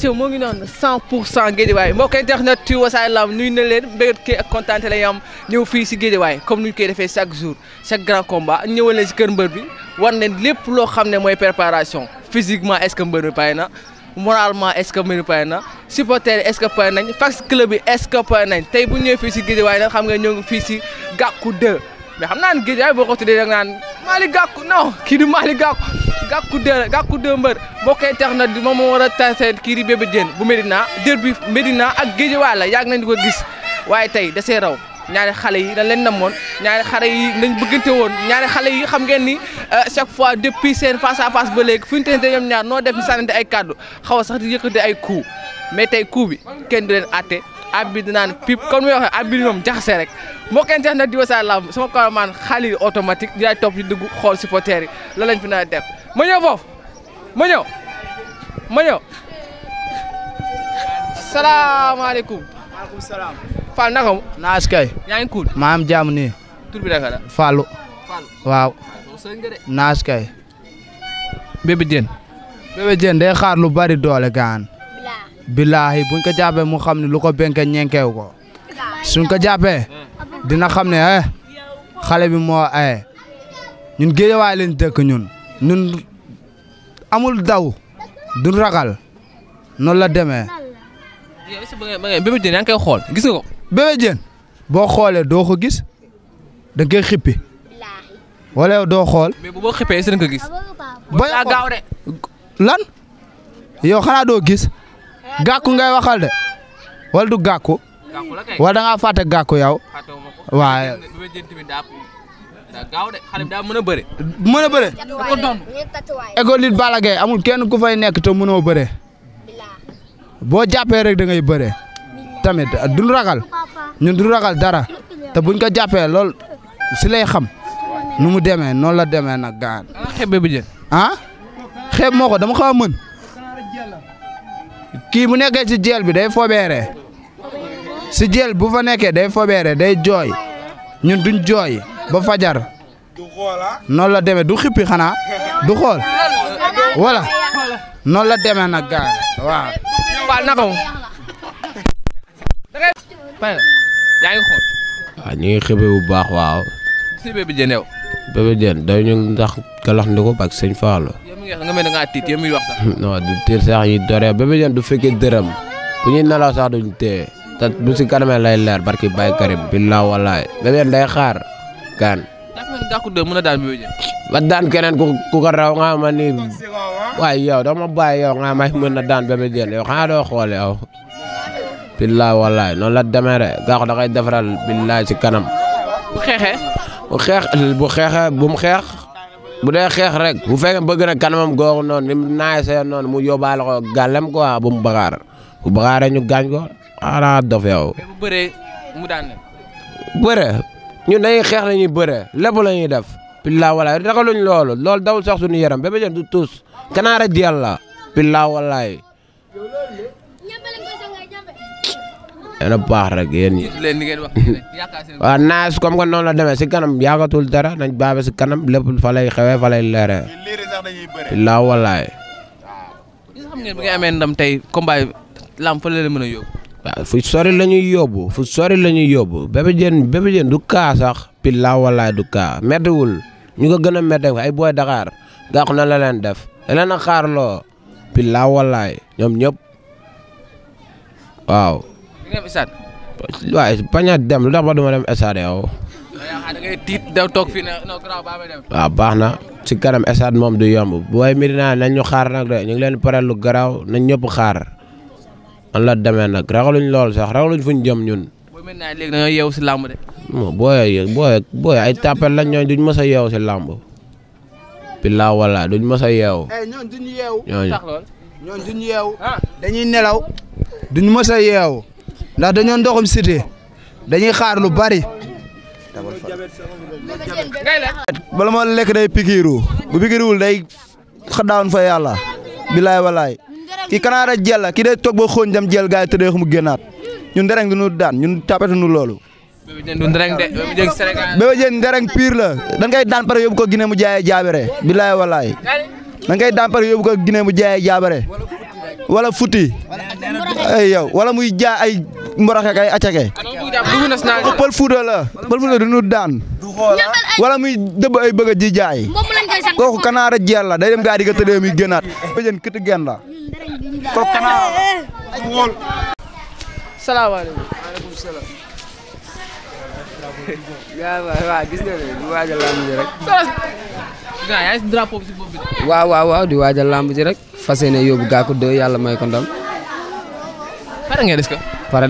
si moo ngi noonu 100 pour cent Guédiawaye mbokk internet ci Wassare Lamb nuyu na leen mbégat kii ak kontaan la yam ñëw fii si Guédiawaye comme ñu koy defee chaque jour chaque grand combat ñëwal si kër mbër bi war leen lépp loo xam ne mooy préparation physiquement est-ce que mbër bi pare na moralement est-ce que mbër bi pare na supporter est-ce que pare nañ club bi est-ce que pare nañ tey bu ñëwee fii si Guédiawaye nag xam nga ñoo ngi fii si Gàkku 2 mais xam naa ne Guédiawaye boo ko tuddee da nga naan Malick Gakou non kii di Malick Gakou Gakou e Gakou de mbër mbokk internet bi moom moo war a tase kii di Bébé Diène bu Medina derby Medina ak Guédiawaye la yàgg nañ di ko gis waaye tey da see raw ñaari xale yi dañ leen namoon ñaari xale yi nañ bëggante woon ñaari xale yi xam ngeen ni euh, chaque fois depuis seen face à face ba léegi fu ñu tee ñoom ñaar noo def ñu sànnante ay kàddu xaw a sax di yëkkante ay coups mais tey ku bi kenn du leen àtte ab bi dinaan pip comme ni ma waxee ab bi moom jaxase rek mbokkeen sax nag di Wassare Lamb sama cameraman Khalil xool si yi la lañ fi na def ma ñëw foofu ma ñëw ma ñëw salaamaaleykum. naka mu. naas kay. yaa ngi kuul. maa waaw. naas kay. Bébé Diène. Bébé Diène lu bari doole gaan. billaahi buñ ko jàppee mu xam ne lu ko benke ñenkeew ko suñ ko jàppee dina xam ne eh xale bi moo aye eh, ñun géejawaay leen dëkk ñun ñun amul daw du ragal noonu la demee. yow si Bébé koy xool gis nga ko. Bébé Diène boo xoolee doo ko gis da nga koy xippi wala yow doo xool. mais bu boo xippee est ko gis. booy lan yow xanaa doo gis. gàkku ngay waxal de wala du gàkku. wala da ngaa fàtte gàkku yow. waaye. mën a bëre. mën a bëre. école it Balla amul kenn ku fay nekk te mënoo bëre boo jàppee rek dangay bëre tamit euh, duñ ragal ñun duñ ragal dara te buñ ko jàppee lool si lay xam nu mu demee noonu la demee nag gaan xeeb bi jën ah xeeb moo ko dama xaw a mën. kii bu nekkee si jeel bi day fobeere si jeel bu fa nekkee day fobeere day jooy ñun duñ jooy ba fajar noonu la demee du xippi xanaa du xool voilà noonu la deme na gaar waaw. waaw naka ñu ngi xëbe bu baax waaw. si bébé Diène dañu ndax galax ndi ko ak sëñ Fallou. ngeex nga mel ne ngaa tiit yow miy wax sax. non du tiit sax yi dore ba muy du fekkee dërëm bu ñuy nelaw sax duñ tee te bu si kanamee lay leer barki Baye Karim billaa walaay ba muy day xaar gaan. ndax man de mën a daan bi ba daan keneen ku ku ko ma ni waaye yow dama bàyyi yow nga may mën na daan ba muy jël yow xanaa doo xool yow. billaay wallaay noonu la demee de gaaw da koy defaral billaay ci kanam. bu xeexee. bu xeex bu mu xeex bu dee xeex rek bu fekkee bëgg na kanamam googu noonu ni mu naay see noonu mu yóbbaale ko gàllem quoi bu mu bagaar bu bagaaree ñu gaañ ko xanaa dof yow. bu bëree mu bëre ñun dañuy xeex la ñuy bëre lépp la ñuy def. billaa walaay ragaluñ loolu loolu dawul sax suñu yaram ba ba jëm du tuus. kanaara di yàlla. billaa walaay. dana baax rek yéen ñi waaw naas comme que noonu la demee si kanam yaakatul dara nañ baabe si kanam lépp fa lay xewee fa lay leeree. tey combat lam mën a yóbbu. waaw fu sori la ñuy yóbbu fu sori la ñuy yóbbu Bébé Diène Bébé Diène du kaa sax pi la walaay du kaa méttiwul ñu ko gën a métti ay booy Dakar gàq na la leen def da leen a xaarloo pi la walaay ñoom ñëpp waaw. di nga dem a dem lu tax ba du dem stade yow. baax na si kanam stade moom du yomb booy Medina nañ ñu xaar nag de ñu ngi leen pareel lu garaaw nañ ñëpp xaar man la demee nag ragaluñ lool sax ragaluñ fuñ jëm ñun. booy Medina léegi làmb de. booy ay tàppel lañ ñooñ duñ mës a yeewu si làmb. billaa wala duñ mës a yeewu. Eh, ñooñu duñ ah. nelaw. duñ mës a yeewu. ndax dañoo ndoxum cité dañuy xaar lu bari bala moo lekk day pikiiru bu pikiiruwul day xadaawoon fa yàlla bilaay walaay ki kanaara jël la ki day toog ba xóon jam jël gaay tëddee mu génnaat ñun dereng du daan ñun tapatu nu loolu Bébé Diène ndereng pire la dañ daan pare yóbbu ko Guinée mu jaayee jaabere bilaay walaay dañ koy daan pare yóbbu ko Guinée mu jaayee jaabere wala futi ay yow wala muy jaa ay mboroxek ay acake pël fuuta la pël fuuta daan wala muy dëbb ay bëgg ji jaay kooku kanaara day dem gaa di ga tëddee muy génnaat bëjën kët waaw waaw gis di waaj a làmb ji rek. gaa yaa ngi si drapeau bi di waaj làmb ji rek. fas yéene yóbbu gàkku dë yàlla may ko ndam. pare ngeen est-ce que.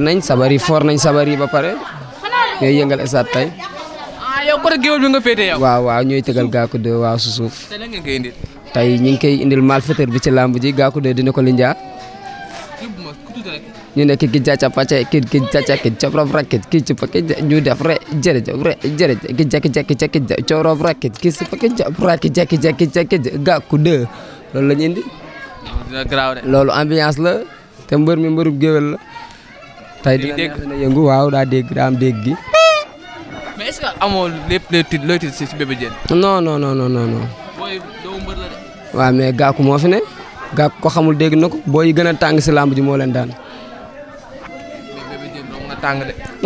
nañ sabar yi nañ sabar yi ba pare. ñooy yëngal esaat tey. ah yow côté géwél bi nga féetee yow. waaw waaw ñooy ñu ngi koy indil malfaiteur bi ci làmb ji gàkku dë dina ko linjaa. ñu ne ki ki jaca pace ki ki jaca ki coprof rakit ki ci paki ñu def re jërëjëf re jërëjëf ki jekki jekki jekki coprof rakit ki si paki jop rakit jekki jekki jekki gàkku dë loolu la ñu indi loolu ambiance la te mbër mi mbërub géwél la tey dina neex na yëngu waaw daa dégg daa am dégg gi mais est-ce que amoo lépp looy tiit looy tiit si bébé Diène non non non non non non booy doomu mbër la de waaw mais gàkku moo fi ne gàkku ko xamul dégg na ko booy gën a tàng si làmb ji moo leen daan tàng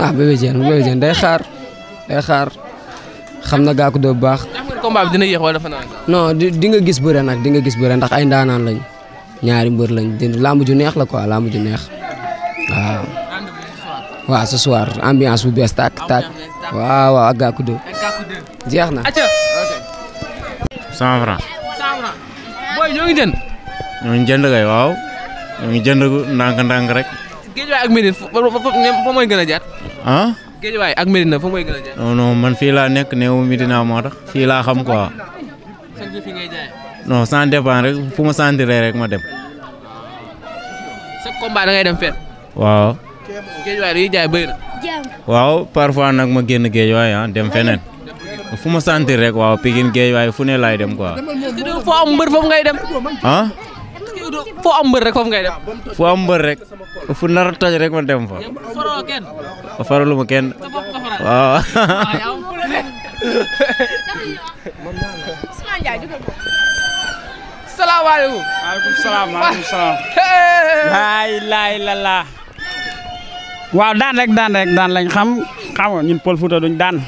ah, Bébé Diène Bébé Diène day xaar day xaar xam na Gackou 2 bu baax. combat di nga gis bëre nag di nga gis bëre ndax ay ndaanaan lañ ñaari mbër lañ di làmb ju neex la ko làmb ju neex waaw. waaw ambiance bu bees tàkk tàkk waaw waaw ak Gackou jeex na. cent franc. cent franc. booy ñoo jënd. ñoo ngi jënd ndànk-ndànk rek. Géejawaay ak Médina fa mooy gën a jaat. ah. Géejawaay ak Médina fa mooy gën a jaat. non man fii laa nekk néew Médina moo tax fii laa xam quoi. fi ngay jaay. non rek fu ma sentiree rek ma dem. sa combat da waaw. Géejawaay dañuy nag ma génn Géejawaay ah dem feneen. fu ma sentir rek waaw Pikine Géejawaay fu ne laay dem quoi. foo am mbër foofu ngay dem. ah. foo am mbër rek foofu ngay fu nar rek ma dem fa. faroo kenn. waaw. waaw daan rek daan rek daan lañ xam xam ñun Pël Fuuta duñ daan.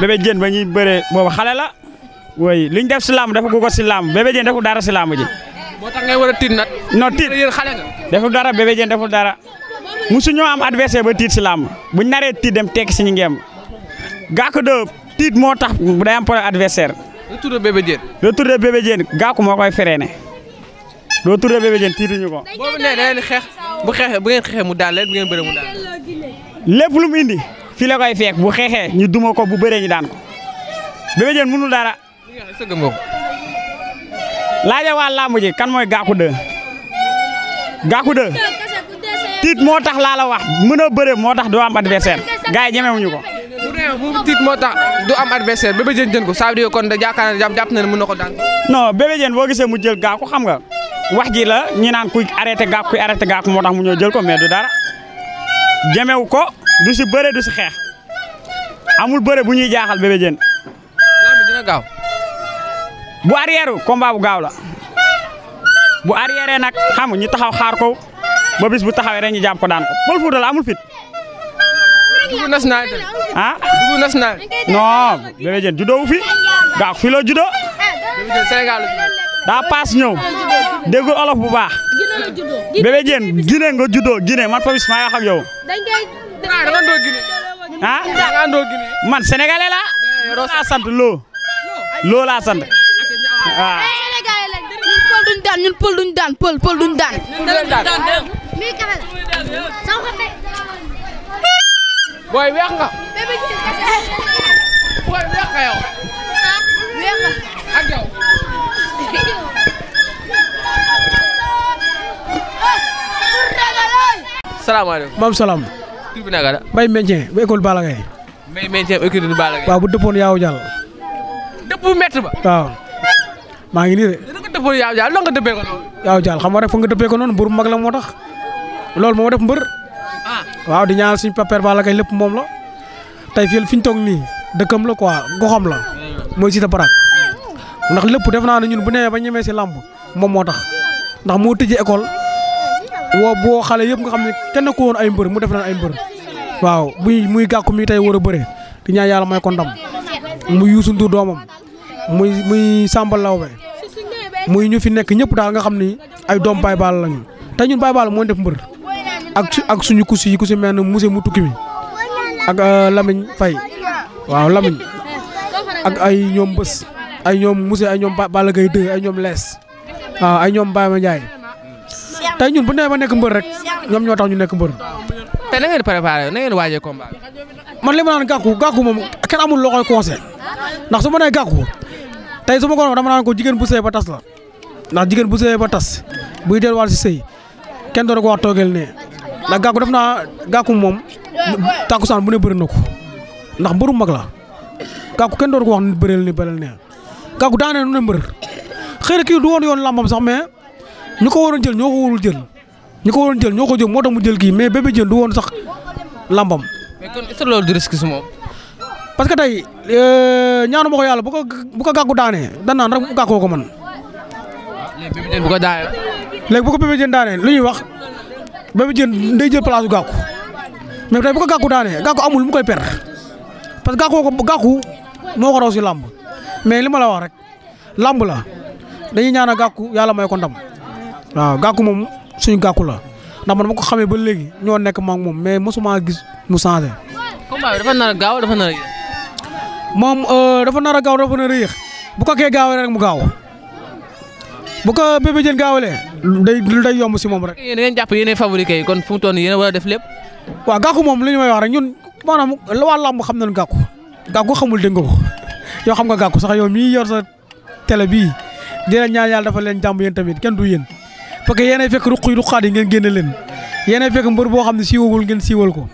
Bébé Diène ba ñuy bëree boobu xale la. woy li ñu def si làmb dafa ko ko si làmb Bébé Diène moo tax ngay war tiit nag. non tiit xale nga. deful dara bébé Diène deful dara musu ñoo am adversaire ba tiit si làmb buñ naree tiit dem tekki si ñu ngeem gàkku de tiit moo tax day am problème adversaire. retour de bébé Diène. retour de bébé Diène gàkku moo koy freiné retour de bébé Diène tiituñu ko. xeex bu xeexee bu ngeen xeexee mu daal leen ngeen bëree mu daal lépp lu mu indi fii la koy fekk bu xeexee ñu duma ko bu bëree ñu daan ko bébé dara. sëgg nga laaja waa làmb ji kan mooy Gackou 2 Gackou 2 tiit moo tax laa la wax mën a bëre moo tax du am adversaire gars yi ñemewuñu ko. bu tiit moo tax du am adversaire Bébé Diène jën ko ça veut dire kon da jaakaar na jàpp na ne mën na ko daan. non Bébé boo gisee mu jël Gackou xam nga wax ji la ñi naan kuy arrêté Gackou kuy arrêté Gackou moo tax mu ñëw jël ko mee du dara jemewu ko du si bëre du si xeex amul bëre bu ñuy jaaxal Bébé Diène. làmb gaaw. bu arrière combat bu gaaw la bu arrière nag xam ñu taxaw xaar ko ba bu taxawee rek ñu jàpp ko daan ko Pël Fuuta la fit. dugub national ah? tamit. wu fi gaaw fi la juddoo. Bébé Diène Sénégal daa paas ñëw déggul olof bu baax. Bébé Diène Guinée nga juddoo Guinée man Papis maa wax ak yow. ah, ah? man sénégalais eh, laa sant loo loo sant. waaw. Ah. Eh, ñun pël duñ daan ñun pël duñ daan pël pël duñ daan. booy weex nga. booy weex nga ah, bi naka la. Mbaye Mentien bu école Balla Gaye. Mbaye Mentien bu école Balla Gaye. waaw bu dëppoon yaaw jàll. dëpp bu ba. waaw. maa ngi nii de. dina yaaw jaal lan nga dëppee ko xam nga rek foog nga dëppee ko noonu mbër mag la moo tax loolu moo def mbër. Ah. waaw di suñu papeer Balla lépp moom la tey fii fi ñu toog nii dëkkam la quoi goxam la mooy Siteu Barak ndax lépp def naa ne ñun bu nee ba ñemee si làmb moom moo tax ndax moo tëjee école boo xale yëpp nga xam ne kenn ku ay mbër mu def na ay mbër waaw muy muy gàkku mi tey war a bëre di ñaan yàlla may ndam mu Youssou doomam. muy muy Samba Lawbe muy ñu fi nekk ñëpp daal nga xam ni ay doom Baye Baal lañu te ñun Baye Baal moo def mbër ak suñu kusi yi ku si mel ne monsieur mu tukki mi ak euh, Lamine Faye waaw Lamine ak ay ñoom bés ay ñoom monsieur ay ñoom Balla Gaye 2 ay ñoom lees waaw ay ñoom Baye Ma Ndiaye tey ñun bu nee ba nekk mbër rek ñoom ñoo tax ñu nekk mbër. te na ngeen préparé na ma naan gàkku gàkku moom kenn amul loo koy ndax su ma nee gàkku tey su ma ko dama naan ko jigéen bu sëy ba tas la ndax jigéen bu sëy ba tas buy delluwaat si sëy kenn doon ko wax toogeel ne ndax gàkku def naa gàkku moom tàkkusaan bu ne bëri na ko ndax mbëru mag la gàkku kenn doon ko wax bëreel ni bëreel ne gàkku daanee nu ne mbër xëy na kii du woon yoon làmbam sax mais ñu ko waroon jël ñoo ko warul jël ñu ko waroon ñoo ko jël moo tax mu jël kii mais bébé jën du woon sax lambam loolu du risque parce que tey euh, ñaanu ma ko yàlla bu ko bu ko gàggu daanee dan naan rek gàggoo ko man. léegi bu ko daanee. léegi bu ko lu ñuy wax Bébé Diène day jël place bu gàggu mais tey bu ko gàggu daanee gàggu amul mu koy per parce que gàggoo ko gàggu moo ko raw si làmb mais li ma la wax rek lamb la dañuy ñaanal gàggu yàlla may ko ndam waaw gàggu moom suñu gàggu la ndax man ma ko xamee ba léegi ñoo nekk ma ak moom mais mosuma gis mu changé. combat bi gaaw dafa nar moom euh, dafa nar a gaaw dafa nar yéex bu ko kee gaawee rek mu gaaw bu ko Bébé Diène gaawalee day day yomb si moom rek. yéen da ngeen jàpp yéenay fabriqué yi kon fu mu toll nii yéen a war def lépp. waaw moom li ñu may wax rek ñun maanaam waa lamb xam nañu gàkku gàkku xamul dégg nga ko yow xam nga gàkku sax yow mii yor sa télé bii dina ñaan yàlla dafa leen jàmb yéen tamit kenn du yéen parce que yéenay fekk ruq yi ruqaat yi leen yéenay fekk mbër boo xam ne siiwagul ngeen siiwal ko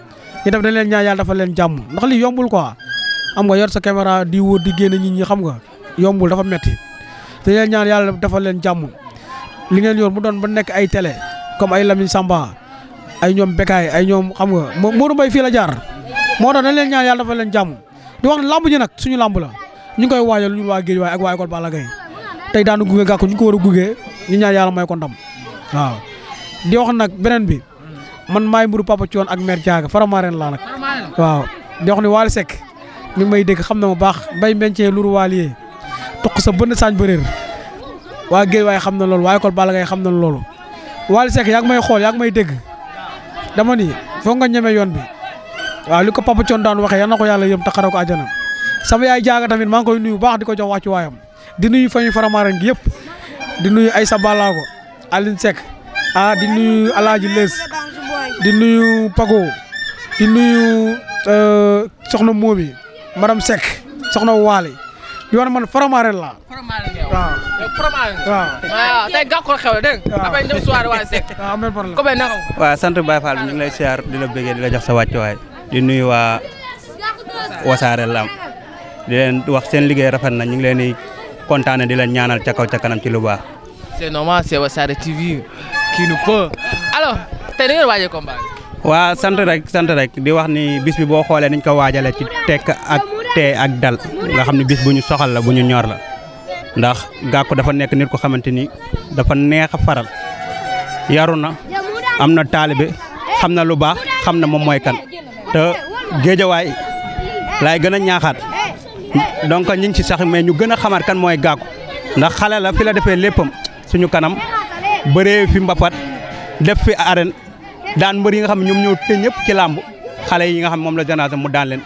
yéen tamit dañ leen ñaan yàlla dafa leen jàmm ndax li yombul quoi xam nga yor sa caméra di di génn nit ñi xam nga yombul dafa metti te leen ñaan yàlla dafa leen jàmm li ngeen yor mu doon ba nekk ay télé comme ay Lamine Samba ay ñoom Bekaay ay ñoom xam nga Modou Mbaye fii la jaar moo tax dañ leen ñaan yàlla dafa leen jàmm di wax ne lamb ji nag suñu lamb la ñu ngi koy ñu ñun waa Guédiawaye ak waa école Balla Gaye tey daanu gunge gàkku ñu ko war a gunge ñu ñaan yàlla may ko waaw di wax nag beneen bi man maay mburu Papa Thion ak mère Diaga faramaareen laa nag waaw di wax mi may dégg xam na ma baax mbay meñcee luru waaliye toq sa bënn saañ bëréer waa géej waaye xam na loolu waaye kon bala ngay xam na loolu Wally Seck yaa ngi may xool yaa ngi may dégg dama ni foog nga ñeme yoon bi waaw li ko Papa Thion daan waxee yal na ko yàlla yëm taxare ko àjjana sama yaay jaaga tamit maa ngi koy nuyu baax di ko jox wàccu waayam di nuyu famille Faramaren gi yëpp di nuyu Aïssa Balago Aline Seck ah di nuyu Alaaji Lees di nuyu Pago di nuyu euh, soxna madame Seck soxna Waly di war man Faramare laa. Faramare la waaw. waaw ah, tey gàkkoor xew la dégg nga. waaw après ñu dem soirée Waly Seck. waaw ngi lay siyaar di la bëggee di la jox sa waay di nuyu waa Wassare Lamb di leen wax seen liggéey rafet na ñu ngi leen di kontaane di leen ñaanal ca kaw ca kanam ci lu baax. c'est normal c'est Wassare TV qui nous waa sant rek sant rek di wax nii bis bi boo xoolee niñ ko waajalee ci tekk ak tee ak dal nga xam ne bis bu ñu soxal la bu ñu ñor la ndax Gàkku dafa nekk nit ko xamante ni dafa neex a faral yaru na am na taalibe xam na lu baax xam na moom mooy kan te géejawaay laay gën a ñaaxaat donc ñi ngi ci sax mais ñu gën a xamaat kan mooy Gàkku ndax xale la fi la defee léppam suñu kanam bëree fi mbapat def fi arène daan mbër yi nga xam ne ñoom ñoo te ñëpp ci làmb xale yi nga xam moom la génération mu daan leen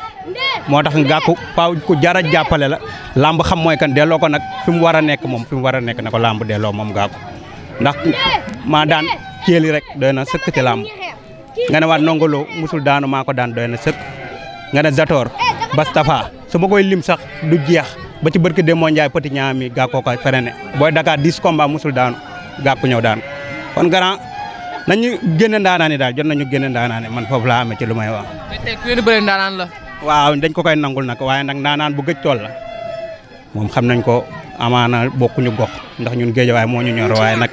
moo tax gàkku faaw ku jara jàppale la làmb xam mooy kan delloo ko nag fi mu war a nekk moom fi mu war a nekk na ko làmb delloo moom gàkku ndax maa daan ceeli rek doy na sëkk ci làmb nga ne waat nongoloo musul daanu maa ko daan doy na sëkk nga ne Zator Bastafa su ma koy lim sax du jeex ba ci barke de moo Ndiaye petit ñaami gàkkoo ko freiné booy Dakar 10 kombaa musul daanu gàkku ñëw daan nañu génne ndaanaane daal jot nañu génn ndaanaane man foofu laa amee ci lu may wax. tey ku la. waaw dañ ko koy nangul nag waaye nag ndaanaan bu gëj tool la moom xam nañ ko amaana bokkuñu gox ndax ñun géej waaye moo ñu ñor waaye nag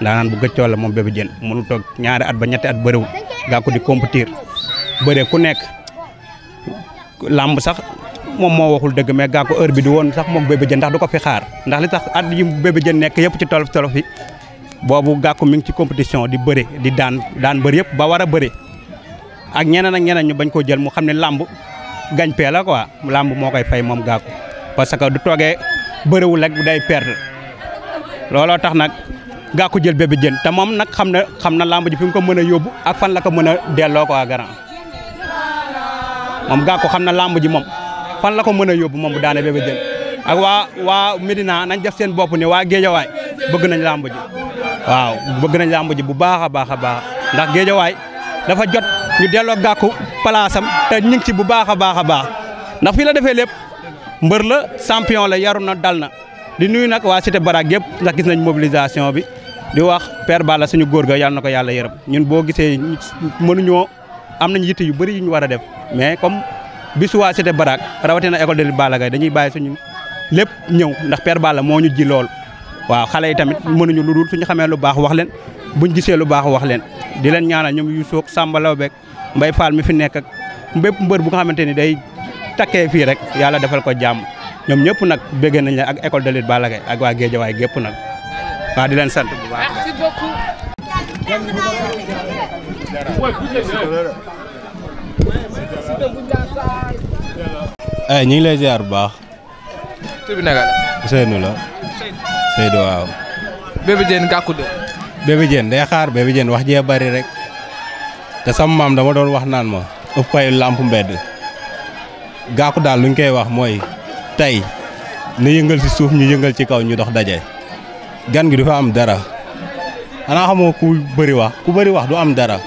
ndaanaan bu gëj la moom Bébé Diène mënu toog ñaari at ba ñetti at bëriwul gaa ko di compétir bëree ku nekk làmb sax moom moo waxul dëgg mais gaa ko heure di woon sax moom Bébé Diène ndax du ko fi xaar ndax li tax at yi Bébé nekk yëpp ci tolof tolof yi boobu gàkku mi ngi ci compétition di bëre di daan daan bëri yëpp ba war a bëre ak ñeneen ak ñeneen ñu bañ koo jël mu xam ne làmb gañ-pee ko quoi làmb moo koy fay moom gàkku parce que du toogee bëriwul rek day perdre looloo tax nag gàkku jël bébé jën te moom nag xam na xam na làmb ji fi nga ko mën a yóbbu ak fan la ko mën a delloo quoi garant moom gàkku xam na làmb ji moom fan la ko mën a yóbbu moom bu daane bébé ak waa waa Medina nañ def seen bopp ni waa Géejawaay bëgg nañ làmb ji waaw bëgg nañ làmb ji bu baax a baax a baax ndax géejawaay dafa jot ñu delloo gàkku palaasam te ñu ngi ci bu baax a baax a baax ndax fii la defee lépp mbër la champion la yaru na dal na di nuyu nag waa Cité Barak yëpp ndax gis nañ mobilisation bi di wax Père Balla suñu góor ga yàlla na ko yàlla yërëm ñun boo gisee mënuñoo am nañ yitte yu bëri yu ñu war a def mais comme bisu waa Cité Barak rawatina école de lutte gay dañuy bàyyi suñu lépp ñëw ndax Père Balla moo ñu ji lool. waaw xale yi tamit mënuñu lu dul suñu xamee lu baax wax leen buñ gisee lu baax wax leen di leen ñaanal ñoom yu soog Samba Lawbeek mbay Fall mi fi nekk bépp mbër bu nga xamante ni day takkee fii rek yàlla defal ko jàmm ñoom ñëpp nag bëgg nañ leen ak école de lutte Balla ak waa Guédiawaye gépp nag di leen sant bu baax. Eh, ñu ngi lay ziar bu baax. tur Seydou waaw. Bébé Gàkku de. Bébé Diène day xaar Bébé Diène wax jee bari rek te sama maam dama doon wax naan ma ëpp koy làmp mbedd Gàkku daal luñ koy wax mooy tey na yëngal si suuf ñu yëngal ci kaw ñu dox daje gan gi du fa am dara xanaa xamoo ku bëri wax ku bëri wax du am dara.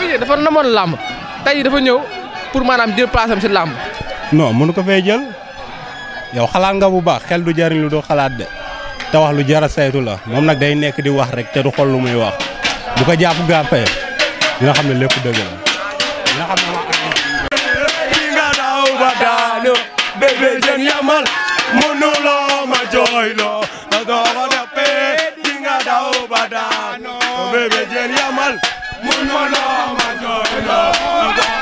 mais dafa namoon làmb tey dafa ñëw pour maanaam jël place am si làmb. non mënu ko fay jël yow xalaat nga bu baax xel du jariñ lu doo xalaat de. te wax lu jar a saytu la moom nag day nekk di wax rek te du xool lu muy wax bu ko jàpp gàmpee dina xam ne lépp dëgg dina xam ne nga daw ba daanu bébé jën yamal mënuloo ma jooyloo nga dooro deppee di nga daw ba daanu bébé jën yamal mënuloo ma jooyloo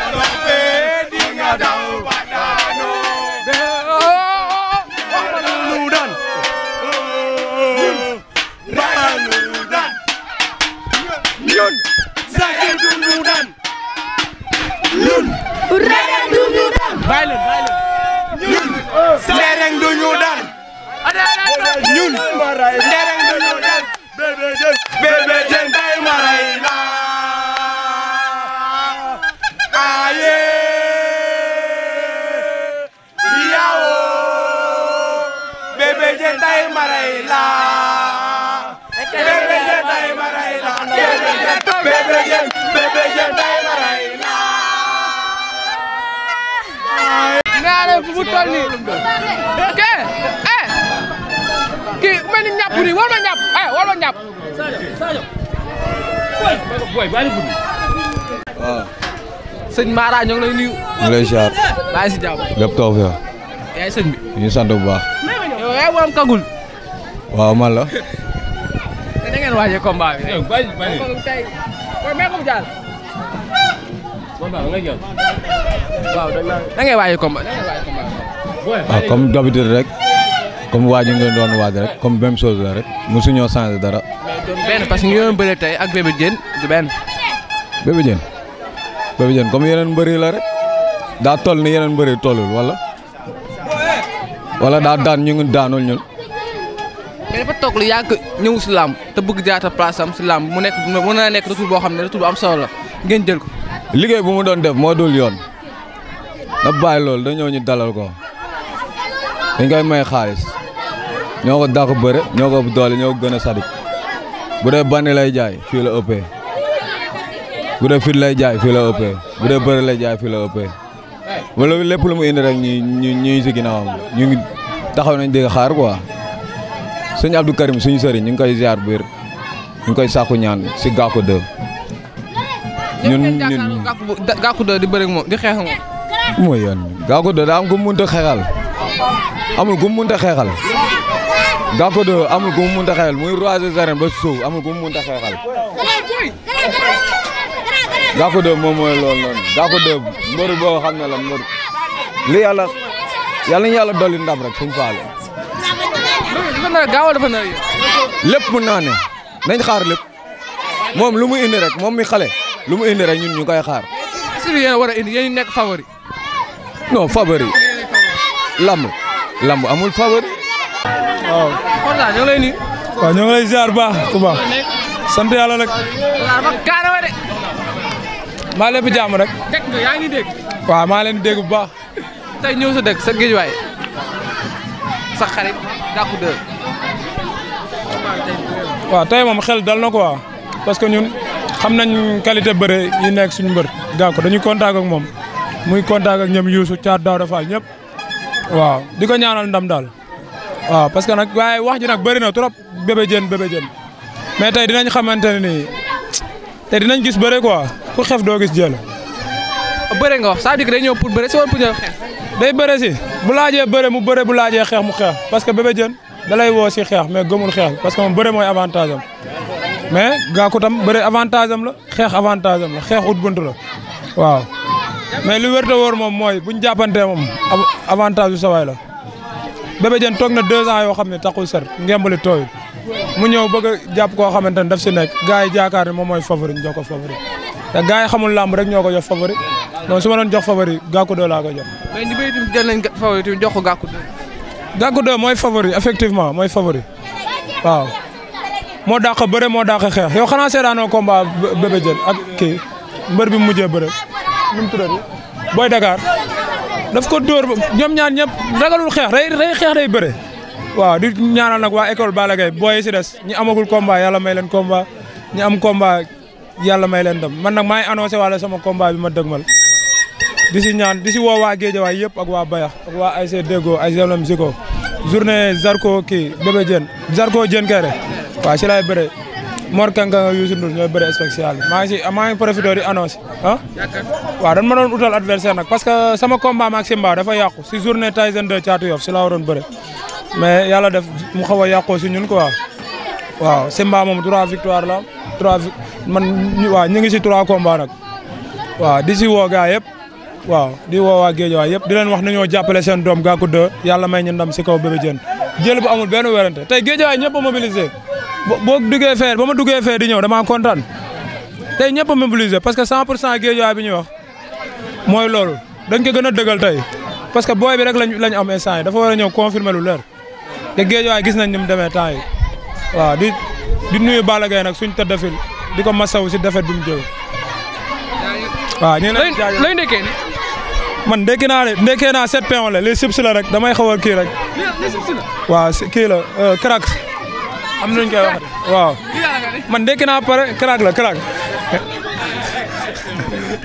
ñun Saké du ñu daan ñun Lereng du ñu daan bàyyi leen bàyyi leen ñun Lereng du ñu daan ñun Lereng du ñu daan bébé jën bébé jën day maray la aye yawo bébé jën day maray la naa leen fu mu toll nii ke eh kii mel ni ñàpp nii war ma ñàpp eh war ma ñàpp waaw ah. sëñ Mara ñoo ngi lay nuyu ñu lay siyaar yaay sëñ bi ñu waaw man combat nga jël. waaw da ngay waaj combat da ngay comme d'habitude rek comme waaju ngeen doon waaj rek comme même chose la rek mosuñoo changé dara. benn parce que ñu doon tey ak Bébé Diène du benn. Bébé Diène Bébé comme yeneen mbëri la rek daa toll ni yeneen mbëri tollul wala wala daa daan ñu ngi daanul ñun. mais dafa toog lu yàgg ñëw si làmb te bëgg jaata place am si làmb mu nekk mën na nekk retour boo xam ne retour bu am solo la ngeen jël ko. liggéey bu mu doon def moo dul yoon na bàyyi loolu dañoo ñu dalal ko dañ koy may xaalis ñoo ko dàq bëre ñoo ko doole ñoo ko gën a sadik bu dee bandi lay jaay fii la ëppee bu dee lay jaay fii la ëppee bu dee bëre lay jaay fii la lépp lu mu indi rek ñu ñu ñu si ginnaawam ñu taxaw nañ di xaar quoi sëñ Abdou Karim suñu sëriñ ñu ngi koy ziar biir ñu ngi koy sàkku ñaan si Gackou 2 ñun ñun gàkku do di bëri moom di xeex moom. mooy yoon gàkku do daa am ku mu mënta xeexal amul ku mu mënta xeexal gàkku do amul ku mu mënta xeexal muy roi des arènes ba suuf amul ku mu mënta xeexal. gàkku do moom mooy loolu noonu gàkku do mbër boo xam ne la mbër li yàlla yàlla ñu yàlla dolli ndam rek suñu faale. dafa nar gaaw a dafa nar lépp mën naa ne nañ xaar lépp moom lu mu indi rek moom mi xale. lu mu indi rek ñun ñu koy xaar. est-ce que yéen war a nekk favori. non favori. lamb lamb amul favori. waaw. kon daal ñoo ngi lay nuyu. waaw ñoo ngi lay sant yàlla rek. maa leen fi jàmm rek. dégg nga yaa ngi maa leen di dégg tey ñëw sa dëkk sa géej waay sa xarit Gackou 2. xel dal na quoi ñun. xam nañ qualité bëre yi nekk suñu mbër Gàkku dañuy contact ak moom muy contact ak ñoom Youssou Thiat Daouda ñëpp waaw di ko ñaanal ndam daal waaw parce que nag wax ji nag bëri na trop bébé jën bébé mais tey dinañ xamante ne nii tey dinañ gis bëre quoi ku xef doo gis jël. bëre nga wax c'est-à-dire que day ñëw pour bëre si wala pour ñëw day bëre si bu laajee bëre mu bëre bu laajee xeex mu xeex parce que bébé jën. da lay woo si xeex mais gëmul xeex parce que moom bëre mooy avantage am mais gaaku tam bëre avantage am la xeex avantage la xeex ut bunt la waaw mais lu wér te moom mooy buñ jàppantee moom avantage bu la Bébé Diène toog na deux ans yoo xam ne taxul ser ngembali tooyul mu ñëw bëgg a jàpp koo xamante ne daf si nekk gars yi jaakaar ne moom mooy favori ñu jox ko favori te gars yi xamul làmb rek ñoo ko jox favori donc su ma doon jox favori gàkku doo laa ko jox. mais ni béy itam ko gàkku Gackou 2 mooy favori effectivement mooy favori waaw moo ko bëre moo dàq xeex yow xanaa seetaanoo combat Bébé Diène ak kii mbër bi mu mujjee bëre nu mu booy Boy Dakar daf ko dóor ñoom ñaar ñëpp ragalul xeex day day xeex day bëre. waaw di ñaanal nag waa école Balla Gaye booy si des ñi amagul combat yàlla may leen combat ñi am combat yàlla may leen dem man nag maay annoncé wala sama combat bi ma dëgmal. di si ñaan di si woo waa Géejawaay yëpp ak waa Bayax ak waa ASC Déggo ASC Lom Ziko journée Zarko kii Bébé Diène Zarko Diène Kairé waaw si laay bëree Mor Kankang Youssou Ndour ñooy bëri spécial maa ngi si maa ngi profité di annonce ah waaw dañ ma doon utal adversaire nag parce que sama combat ak Simba dafa yàqu si journée Tyson 2 Thiatou Yoff si laa waroon bëre mais yàlla def mu xaw a yàqoo si ñun quoi waaw Simba moom trois victoire la trois man waaw ñu ngi si trois combats nag waaw di si yëpp waaw di woo waa Géejawaay yëpp di leen wax nañoo jàppale seen doom Gackou 2 yàlla may ñu ndam si kaw Bébé Diène jël bu amul benn werante tey Géejawaay ñëpp a mobilisé boo duggee fee ba ma duggee fee di ñëw damaa kontaan tey ñëpp a mobilisé parce que 100 pour cent Géejawaay bi ñuy wax mooy loolu dañ ko gën a dëgal tey parce que booy bi rek lañ lañ am instant yi dafa war a ñëw confirmer lu leer te Géejawaay gis nañ ni mu demee temps yi waaw di di nuyu bala Gaye nag suñ tëddafil di ko masaw si defet bi mu jóge waaw ñu ne lay ndekkee man ndekki naa de ndekkee naa sept pain la les chips rek damay xaw a kii rek. waaw kii la euh, crack. am nañu koy wax waaw. man ndekki naa pare crack la crack.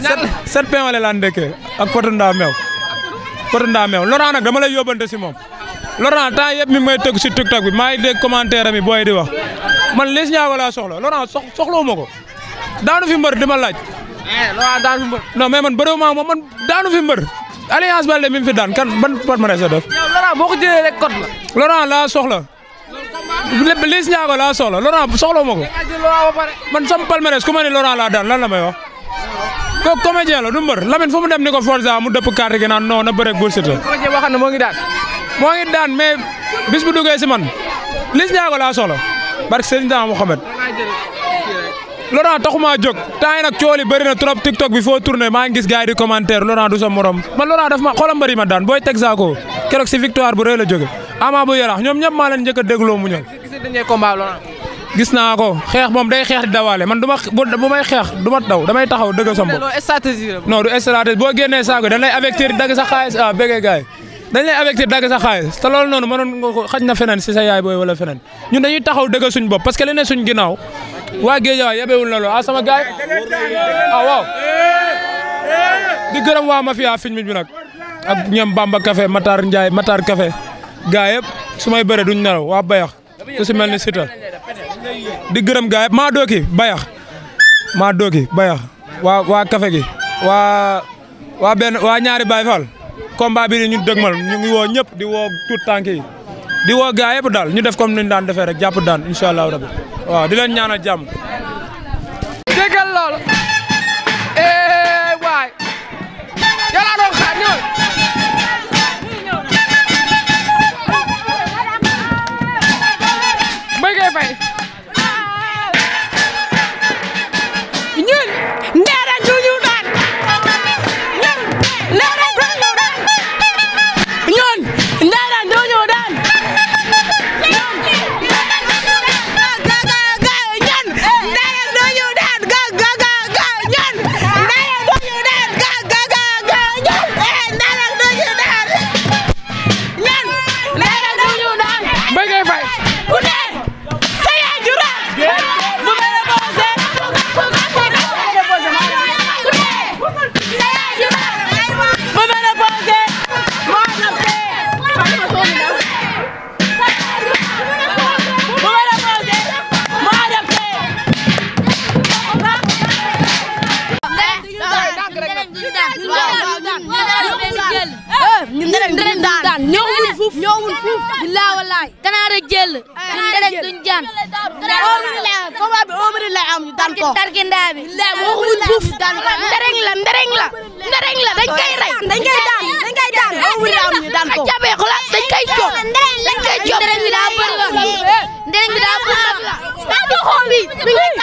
set sept pain la laan ndekkee ak potu ndaa meew. potu ndaa meew Laurent nag dama lay yóbbante si moom. Laurent temps mi ngi may tëgg si TikTok bi maa ngi dégg commentaire am yi booy di wax man les ñaaw laa soxla Laurent soxlawuma ko daanu fi mbër dama laaj. Eh, non mais man bëriwuma moom man daanu fi mbër. alliance Baldé mi mu fi daan kan ban palmarès la def. yow Laurent boo ko jëlee rek code la. Laurent laa soxla. lépp Liss Ndiago laa soxla Laurent soxla ma ko. man sama palmarès ku ma ne Laurent laa daan lan la may wax. kooku la du mbër Lamine fu mu dem ni ko Forza mu dëpp carte gi naan non na bëreeg Bou ne moo ngi daan. moo ngi daan mais bis bu duggee si man Liss Ndiago laa soxla barke Serigne Dame Mohamed. Laurent taxumaa jóg temps nag cool yi bëri na trop bi foo tourné maa ngi gis gars yi di commentaire du sa man Laurent daf ma xoolal mbëri ma daan booy teg saako keroog si victoire bu rëy la jóge ama bu yaraax ñoom ñëpp maa leen njëkk a dégloo mu ñëw. gis naa ko xeex moom day xeex di dawaale man du ma bu may xeex du ma daw damay taxaw dëgg sa bopp. non du stratégie boo génnee saako dañ lay affecté dagg sa xaalis ah bëggee dañ lay affecté dagg sa xaalis na feneen si sa yaay booy wala taxaw dëgg suñ bopp waa Géejawaay yebewul na lool a ah, sama gaay ah waaw di gërëm waa mafia fiñ bi nag ak ñoom Bamba Café Matar Ndiaye Matar Café gaa yëpp su may bëre duñ nelaw waa Bayax ku si mel ni Sita gërëm gaa yëpp maa dooki Bayax maa dooki Bayax waa waa Café gi waa waa benn waa ñaari Baye Fall combat bi ñu dëgmal ñu ngi woo ñëpp di woo tout tànk yi di woo gaa yëpp daal ñu def comme ni ñu daan defee rek jàpp daan incha allahu rabi waaw di leen ñaanal jàmm. déggal loolu. bi